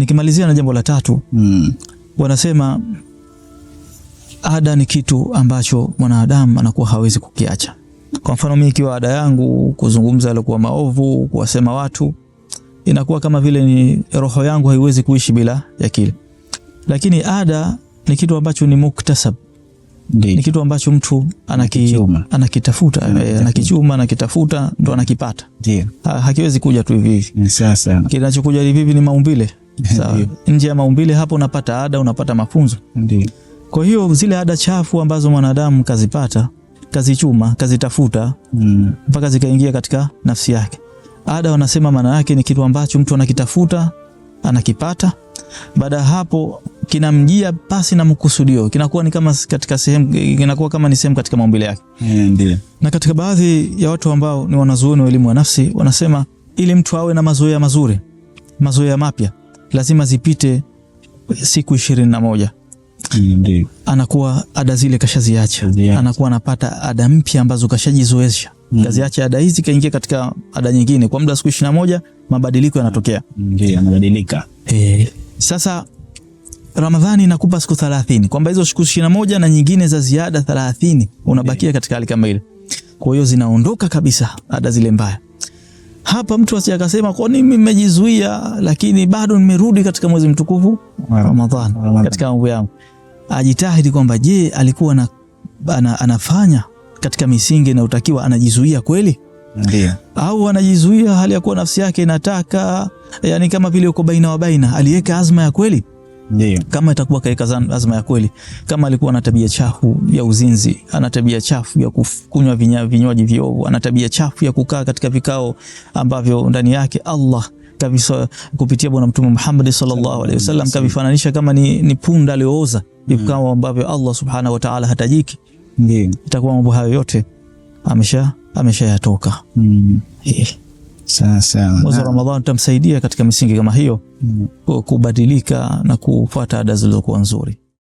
Nikimalizia na jambo la tatu mm. wanasema ada ni kitu ambacho mwanadamu anakuwa hawezi kukiacha. Kwa mfano mimi ikiwa ada yangu kuzungumza yaliokuwa maovu, kuwasema watu, inakuwa kama vile ni roho yangu haiwezi kuishi bila ya kile. Lakini ada ni kitu ambacho ni muktasab, ni kitu ambacho mtu anaki, anakitafuta eh, anakichuma anakitafuta ndo anakipata. Ha, hakiwezi kuja tu hivi hivi. Sasa kinachokuja hivi hivi ni maumbile. Nje ya maumbile hapo unapata ada, unapata mafunzo. Kwa hiyo zile ada chafu ambazo mwanadamu kazipata, kazichuma, kazitafuta mm. mpaka mm. zikaingia katika nafsi yake. Ada wanasema maana yake ni kitu ambacho mtu anakitafuta, anakipata. Baada ya hapo kinamjia pasi na mkusudio, kinakuwa ni kama katika sehemu, kinakuwa kama ni sehemu katika maumbile yake. Eh, ndio. Na katika baadhi ya watu ambao ni wanazuoni wa elimu ya nafsi wanasema ili mtu awe na mazoea mazuri, mazoea mapya lazima zipite siku ishirini na moja anakuwa ada zile kashaziacha, anakuwa anapata ada mpya ambazo kashajizoesha mm. kaziacha ada hizi kaingia katika ada nyingine kwa muda wa siku ishirini na moja mabadiliko yanatokea. Ndiyo, yanabadilika. Eh, sasa Ramadhani inakupa siku thelathini kwamba hizo siku ishirini na moja na nyingine za ziada thelathini unabakia katika hali kama ile, kwa hiyo zinaondoka kabisa ada zile mbaya hapa mtu asije akasema kwa nini nimejizuia, lakini bado nimerudi katika mwezi mtukufu Ramadhani katika mambo yangu. Ajitahidi kwamba je, alikuwa na, ana, anafanya katika misingi inayotakiwa, anajizuia kweli? Ndiyo. Au anajizuia hali ya kuwa nafsi yake inataka, yani kama vile uko baina wa baina, aliweka azma ya kweli? Ndiyo. Kama itakuwa katika azma ya kweli, kama alikuwa na tabia chafu ya uzinzi, ana tabia chafu ya kunywa vinywaji viovu, ana tabia chafu ya kukaa katika vikao ambavyo ndani yake Allah kabisa kupitia Bwana Mtume Muhammad sallallahu alaihi wasallam kavifananisha kama ni, ni punda aliooza hmm. vikao ambavyo Allah subhanahu wa ta'ala hatajiki. Ndiyo. Itakuwa mambo hayo yote amesha ameshayatoka. Mm. Yeah mwezi wa Ramadhani utamsaidia katika misingi kama hiyo, mm. kubadilika na kufuata ada zilizokuwa nzuri.